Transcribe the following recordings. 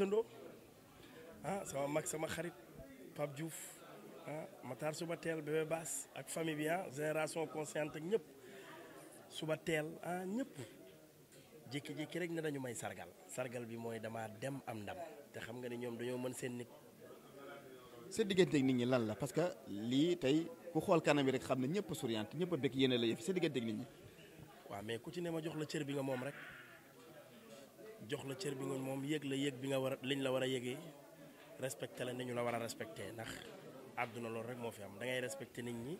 gisandoo ah sama mag sama xarit Pape Diouf ah Matar suba teel bébé baas ak familian ah, génération consciente ak ñëpp suba teel ah ñëpp jékki-jékki rek ne lañu may sargal. sargal bi mooy damaa dem am ndam te xam nga ne ñoom dañoo mën seen nit. sa digganteeg nit ñi lal la parce que lii tey ku xool kanam yi rek xam ne ñëpp souriante ñëpp a bëgg yéene la yëf sa digganteeg nit ñi. waaw mais ku ci ne ma jox la cër bi nga moom rek. jox la cër bi nga moom yéeg la yéeg bi nga war a liñ la war a yéegee respecté la ni ñu la war a respecté ndax àdduna loolu rek moo fi am da ngay respecté nit ñi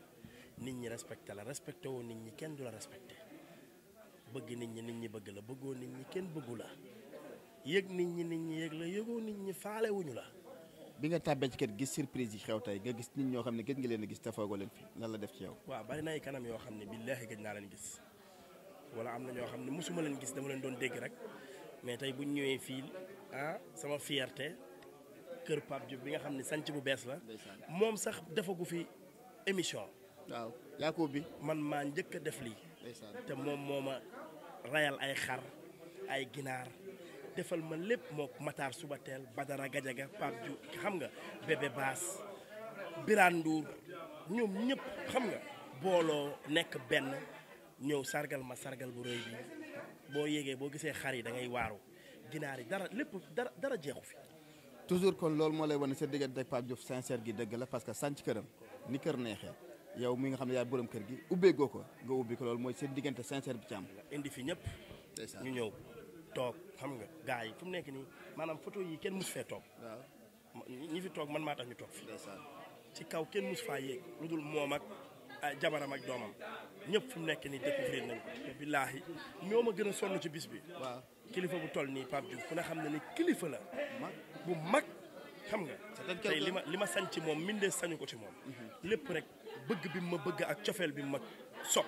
nit ñi respecté la respecté woo nit ñi kenn du la respecté bëgg nit ñi nit ñi bëgg la bëggoo nit ñi kenn bëggu la yéeg nit ñi nit ñi yég la yëgoo nit ñi faalewuñu la. bi nga tàbbee ci kër gis surprise yi xew tey nga gis nit ñoo xam ne gëj nga leen gis gis tafaagoo leen fi lan la def ci yow. waaw bari na ay kanam yoo xam ne billaahi gëj naa leen gis wala am na ñoo xam ne mosuma leen gis dama leen doon dégg rek mais tey bu ñëwee fii ah sama fierté kër Pape Diop bi nga xam ne sanc bu bees la. moom sax defagu fi émission. waaw yaa ko bi man maa njëkk a def lii. te moom moo ma rayal ay xar ay ginaar defal ma lépp moo Matar Subatel Badara Gajaga Pape Diop xam nga Bébé Baas Birane ñoom ñëpp xam nga. booloo nekk benn ñëw sargal ma sargal bu rëy bi. boo yéegee boo gisee xar yi da ngay waaru ginaar yi dara lépp dara dara jeexu fi. toujours kon loolu moo lay wane sa diggante ak Pape Diouf sincère la parce que sànc këram ni kër neexee yow mi nga xam ne yaay borom kër gi ubbeegoo ko nga ubbi ko loolu mooy seen diggante sincère bi ci am. indi fi ñëpp. ñu ñëw toog xam nga gars yi fu mu nekk nii maanaam photo yi kenn mus fee toog. waaw ñi fi toog man maa tax ñu toog fi. ci kaw kenn mus faa yéeg lu dul moom ak Ah, jabaram ak doomam ñëpp fu mu nekk nii découvrir nañ ko te billaahi ñoo ma gën a sonn ci bis bi. waaw kilifa bu toll nii Pape Diouf ku ne xam ne ni kilifa la. bu mag xam nga. tey li ma li ma sañ ci moom mindee sañu ko ci moom. Mhm. lépp rek bëgg bi ma bëgg ak cofeel bi ma sopp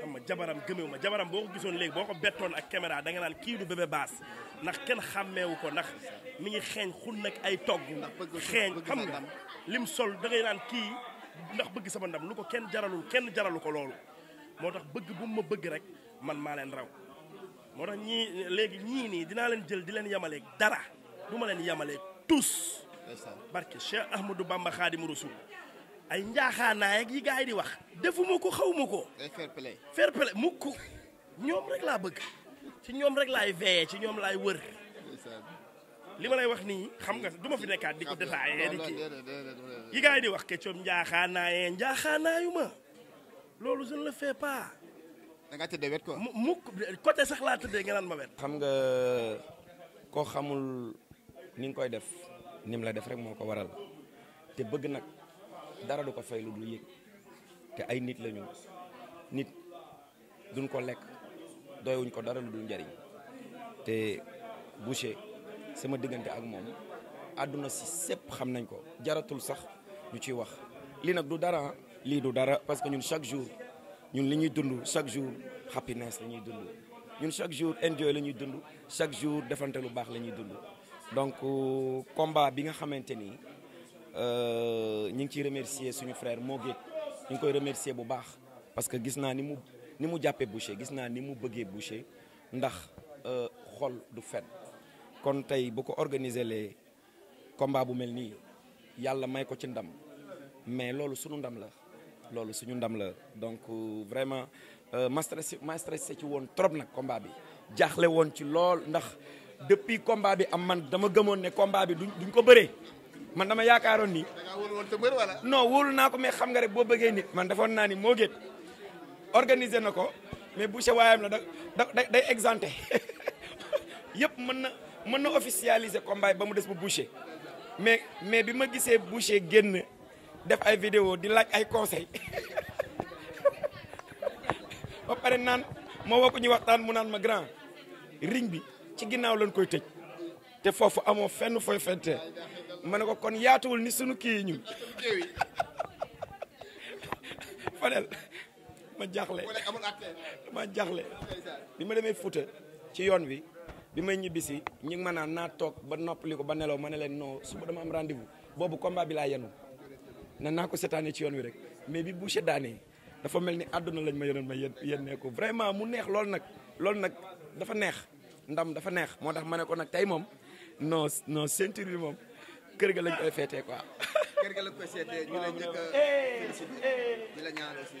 xam nga jabaram gëmewu ma jabaram boo ko gisoon léegi boo ko bettoon ak caméra da nga naan kii du bébé baas ndax kenn xàmmeewu ko ndax mi ngi xeeñ xun nag ay togg. xeeñ xam nga lim sol da naan kii. ndax bëgg sama ndam lu ko kenn jaralul kenn jaralu ko loolu moo tax bëgg bu ma bëgg rek man maa leen raw moo tax ñii léegi ñii nii dinaa leen jël di leen yemaleeg dara du ma leen yemaleeg tous barke Cheikh Ahmadou Bamba Xaadimu Rasuul ay njaaxaanaay ak yi gars yi di wax defuma ko xawma ko fair play fair play mukk ñoom rek laa bëgg ci ñoom rek laay veillé ci ñoom laay wër li ma lay wax nii xam nga du ma fi nekkaat di ko détaillé di kii yi gars di wax Ketchup njaaxaanaayee njaaxaanaayu ma loolu je ne le fais pas. da ngaa tëddee wet quoi. mu mu côté sax xam nga koo xamul ni koy def ni la def rek moo ko waral te bëgg nag dara du ko fay lu dul yëg te ay nit lañu nit duñ ko lekk doyuñ ko dara lu dul njariñ te Boucher sama diggante ak moom àdduna si sépp xam nañ ko jaratul sax. ñu ciy wax lii nag du dara lii du dara parce que ñun chaque jour ñun li ñuy dund chaque jour happiness la ñuy dund ñun chaque jour enjoy la ñuy dund chaque jour defante lu baax la ñuy dund donc euh, combat bi nga xamante ni euh, ñu ngi ciy remercier suñu frère moo géej ñu ngi koy remercier bu baax parce que gis naa ni mu ni mu jàppee Boucher gis naa ni mu bëggee Boucher ndax euh, xol du fen kon tey bu ko organiser le combat bu mel nii yàlla may ko ci ndam mais loolu suñu ndam la loolu suñu ndam la donc euh, vraiment euh, ma si ma stressé ci woon trop nag combat bi jaaxle woon ci lool ndax depuis combat bi am man dama gëmoon ne combat bi du duñ ko bëree man dama yaakaaroon ni. non wóolu naa ko mais xam nga rek boo bëggee nit. man defoon naa ni moo gét organiser na ko mais boucher waayam la da da day exempté yëpp mën na mën na officialiser combat ba mu des bu boucher. mais mais bi ma gisee boucher génn def ay vidéo di laaj ay conseil ba pare naan ma woo ko ñu waxtaan mu naan ma grand riñ bi ci ginnaaw lañ koy tëj te foofu amoo fenn fooy fente ma ne ko kon yaatuwul ni sunu kii ñun Fadel ma jaaxle ma jaaxle bi ma demee Fuuta ci yoon wi bi may ñibbisi ñi ngi ma naan naa toog ba noppali ko ba nelaw ma ne leen noo suba dama am rendez-vous boobu combat bi laa yenu na naa ko seetaanee ci yoon wi rek mais bi bu daanee dafa mel ni àdduna lañ ma yenoon ma yen yennee ko vraiment mu neex loolu nag loolu nag dafa neex ndam dafa neex moo tax ma ne ko nag tey moom noo non ceinture bi moom kër gi lañ koy feetee quoi. kër ga lañ koy seetee ñu la njëkk a félicité di la ñaan aussi.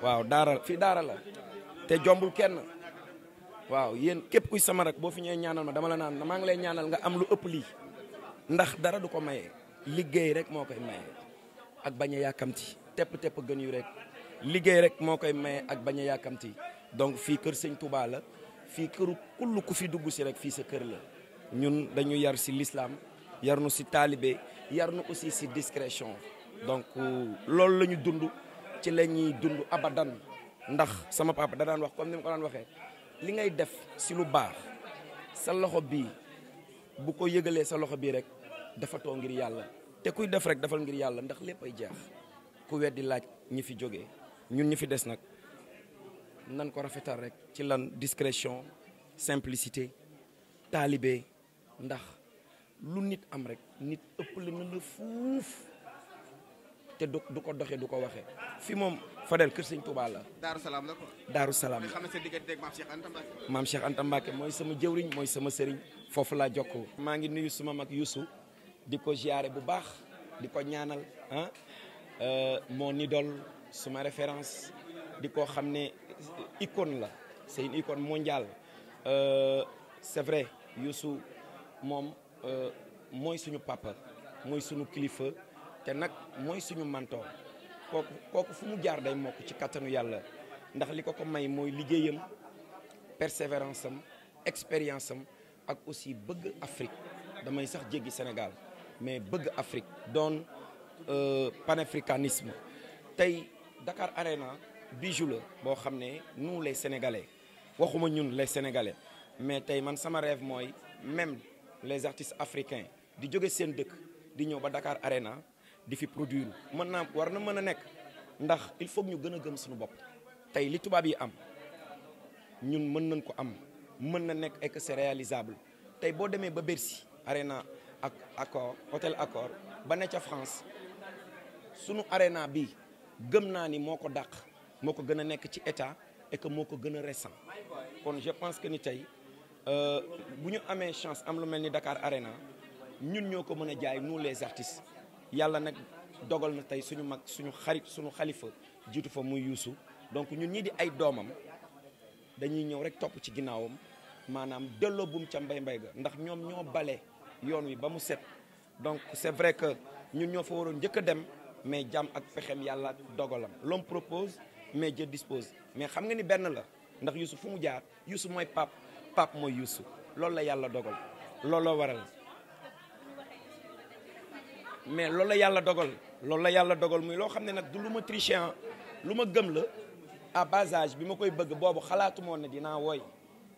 waaw daara fii daara la te jombul kenn waaw yéen képp kuy sama rak boo fi ñëwee ñaanal ma dama la naan maa ngi lay ñaanal nga am lu ëpp lii ndax dara du ko maye liggéey rek moo koy maye ak bañ a yàkkamti tepp tepp gën yu rek liggéey rek moo koy maye ak bañ yàkkamti donc fii kër sëñ Touba la fii këru kull ku fi dugg si rek fii sa kër la ñun dañu yar si lislaam yar nu si taalibe yar nu aussi si discrétion donc euh, loolu lañu dund ci la ñuy dund abadan ndax sama papa da daan wax comme ni ma ko daan waxee li ngay def si lu baax sa loxo bii bu ko yëgalee sa loxo bii rek dafa too ngir yàlla te kuy def rek defal ngir yàlla ndax lépp ay jeex ku weddi laaj ñi fi jógee ñun ñi fi des nag nan ko rafetal rek ci lan discretion simplicité taalibe ndax lu nit am rek nit ëpp la na fuuf te du du ko doxee du ko waxee fi moom Fadel kër sëñ Touba la. Daaru Salaam la ko. Daaru Salaam la xam nga sa diggante ak maam Cheikh Anta Mbacke. mooy sama jëwriñ mooy sama sëriñ foofu laa jokkoo. maa ngi nuyu suma mag Youssou di ko ziare bu baax di ko ñaanal ah, euh, moo ni idole suma référence di ko xam ne ikon la c'est une icône mondiale euh, c'est vrai Youssou moom euh, mooy suñu papa mooy suñu kilifa. te nag mooy suñu mantoo kooku kooku fu mu jaar day mokk ci kattanu yàlla ndax li ko ko may mooy liggéeyam persévérance am expérience am ak aussi bëgg Afrique damay sax jéggi Sénégal mais bëgg Afrique doon euh, panafricanisme tey Dakar Arena bijou la boo xam ne nous les Sénégalais waxuma ñun les Sénégalais mais tey man sama rêve mooy même les artistes africains di jóge seen dëkk di ñëw ba Dakar Arena di fi produire mën naa war na mën a nekk ndax il faut ñu gën a gëm suñu bopp tey li tubaab yi am ñun mën nañ ko am mën na nekk et que c'est tey boo demee ba Bercy Arena ak Accor hôtel Accor ba ne ca France sunu Arena bi gëm naa ni moo ko dàq moo ko gën a nekk ci état et moo ko gën a récent kon je pense que ni tey euh, bu ñu amee chance am lu mel ni dakaar Arena ñun ñoo ko mën a jaay nous les artistes yàlla nag dogal na tey suñu mag suñu xarit suñu xalifa jiitu fa muy yuusu donc ñun ñii di ay doomam dañuy ñëw rek topp ci ginnaawam maanaam delloo buum ca mbay mbay ga ndax ñoom ñoo bale yoon wi ba mu set donc c'est vrai que ñun ñoo fa waroon njëkk a dem mais jàmm ak pexem yàlla dogalam l'homme propose mais Dieu dispose mais xam nga ni benn la ndax Youssou fu mu jaar Youssou mooy Pape Pape mooy Youssou loolu la yàlla dogal looloo waral mais loolu yàlla dogal loolu la yàlla dogal muy loo xam ne nag du lu ma triché ah, lu ma gëm la à basage bi ma koy bëgg boobu xalaatu moon ne dinaa woy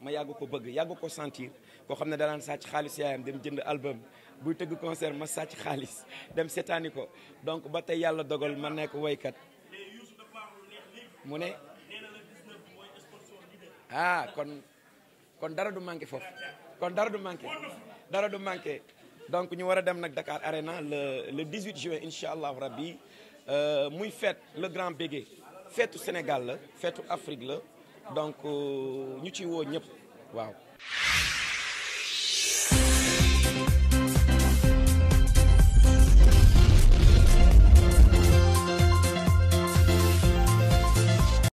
ma yàgg ko bëgg yàgg ko sentir koo xam ne danaa sàcc xaalis yaayam dem jënd album buy tëgg concert ma sàcc xaalis dem seetaani ko donc ba tey yàlla dogal man nekk woykat mu ne ah kon kon dara du manqué foofu kon dara du manqué dara du manqué donc ñu war a dem nag Dakar Arena le le 18 juin incha allah rabbi euh, muy fête le grand bégué feetu Sénégal la feetu Afrique la donc euh, ñu ci woo ñëpp waaw.